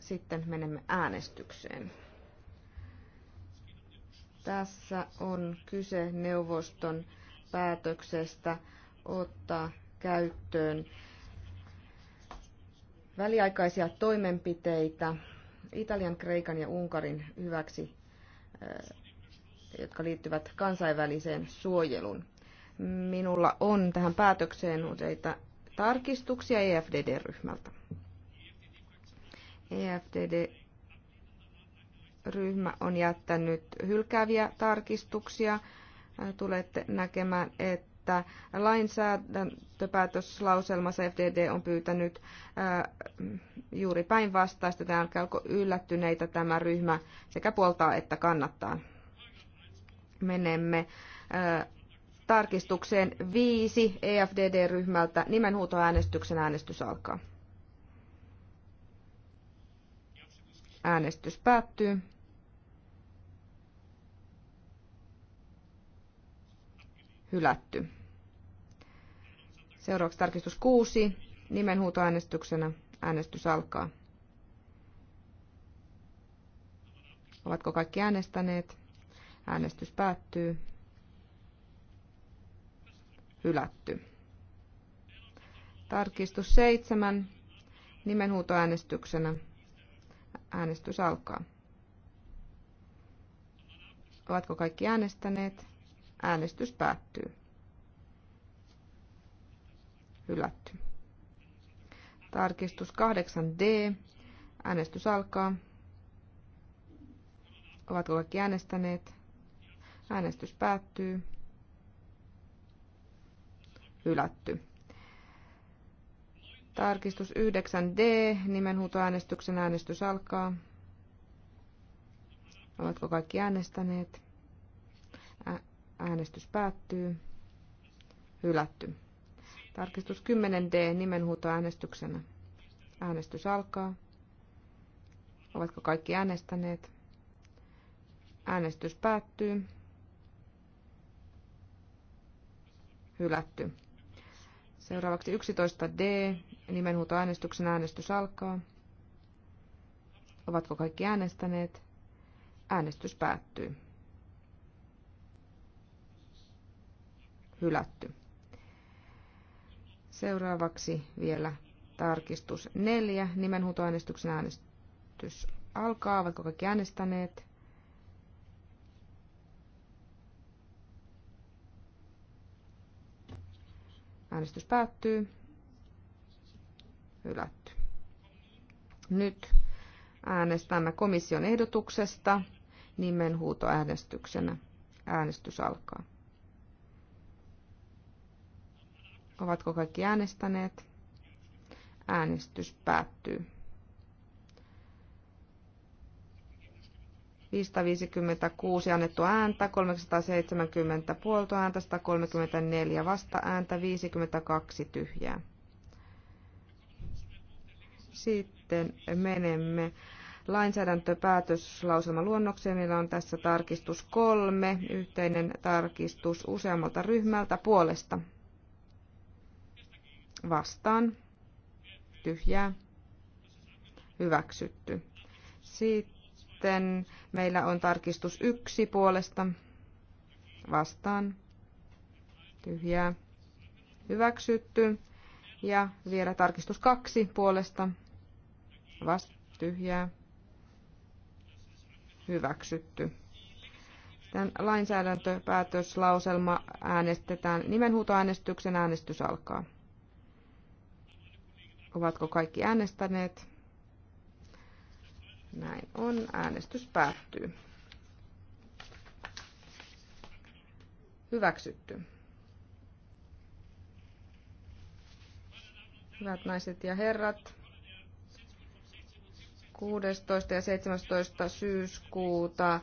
sitten menemme äänestykseen. Tässä on kyse neuvoston päätöksestä ottaa käyttöön väliaikaisia toimenpiteitä Italian, Kreikan ja Unkarin hyväksi, jotka liittyvät kansainväliseen suojeluun. Minulla on tähän päätökseen useita tarkistuksia EFDD-ryhmältä. EFTD-ryhmä on jättänyt hylkääviä tarkistuksia. Tulette näkemään, että lainsäädäntöpäätöslauselmassa FDD on pyytänyt juuri päinvastaista. Tämä alkaa yllättyneitä tämä ryhmä sekä puoltaa että kannattaa. Menemme tarkistukseen viisi EFDD-ryhmältä. Nimenhuutoäänestyksen äänestys alkaa. Äänestys päättyy. Hylätty. Seuraavaksi tarkistus 6. Nimenhuutoäänestyksenä äänestys alkaa. Ovatko kaikki äänestäneet? Äänestys päättyy. Hylätty. Tarkistus 7. Nimenhuutoäänestyksenä Äänestys alkaa. Ovatko kaikki äänestäneet? Äänestys päättyy. Hylätty. Tarkistus 8D. Äänestys alkaa. Ovatko kaikki äänestäneet? Äänestys päättyy. Hylätty. Tarkistus 9D, nimenhuutoäänestyksen äänestys alkaa. Ovatko kaikki äänestäneet? Äänestys päättyy. Hylätty. Tarkistus 10D, nimenhuutoäänestyksenä. Äänestys alkaa. Ovatko kaikki äänestäneet? Äänestys päättyy. Hylätty. Seuraavaksi 11D. Nimenhuutoäänestyksen äänestys alkaa. Ovatko kaikki äänestäneet? Äänestys päättyy. Hylätty. Seuraavaksi vielä tarkistus 4. Nimenhuutoäänestyksen äänestys alkaa. Ovatko kaikki äänestäneet? Äänestys päättyy. Hylätty. Nyt äänestämme komission ehdotuksesta nimenhuutoäänestyksenä. Äänestys alkaa. Ovatko kaikki äänestäneet? Äänestys päättyy. 556 annettua ääntä, 370 puolto ääntä, 134 vasta ääntä, 52 tyhjää. Sitten menemme lainsäädäntöpäätöslauselman luonnokseen. Meillä on tässä tarkistus kolme, yhteinen tarkistus useammalta ryhmältä puolesta. Vastaan. Tyhjää. Hyväksytty. Sitten sitten meillä on tarkistus yksi puolesta vastaan. Tyhjää. Hyväksytty. Ja vielä tarkistus kaksi puolesta. Vast, tyhjää. Hyväksytty. Tämän lainsäädäntöpäätöslauselma äänestetään nimenhuutoäänestyksen äänestys alkaa. Ovatko kaikki äänestäneet? Näin on. Äänestys päättyy. Hyväksytty. Hyvät naiset ja herrat, 16. ja 17. syyskuuta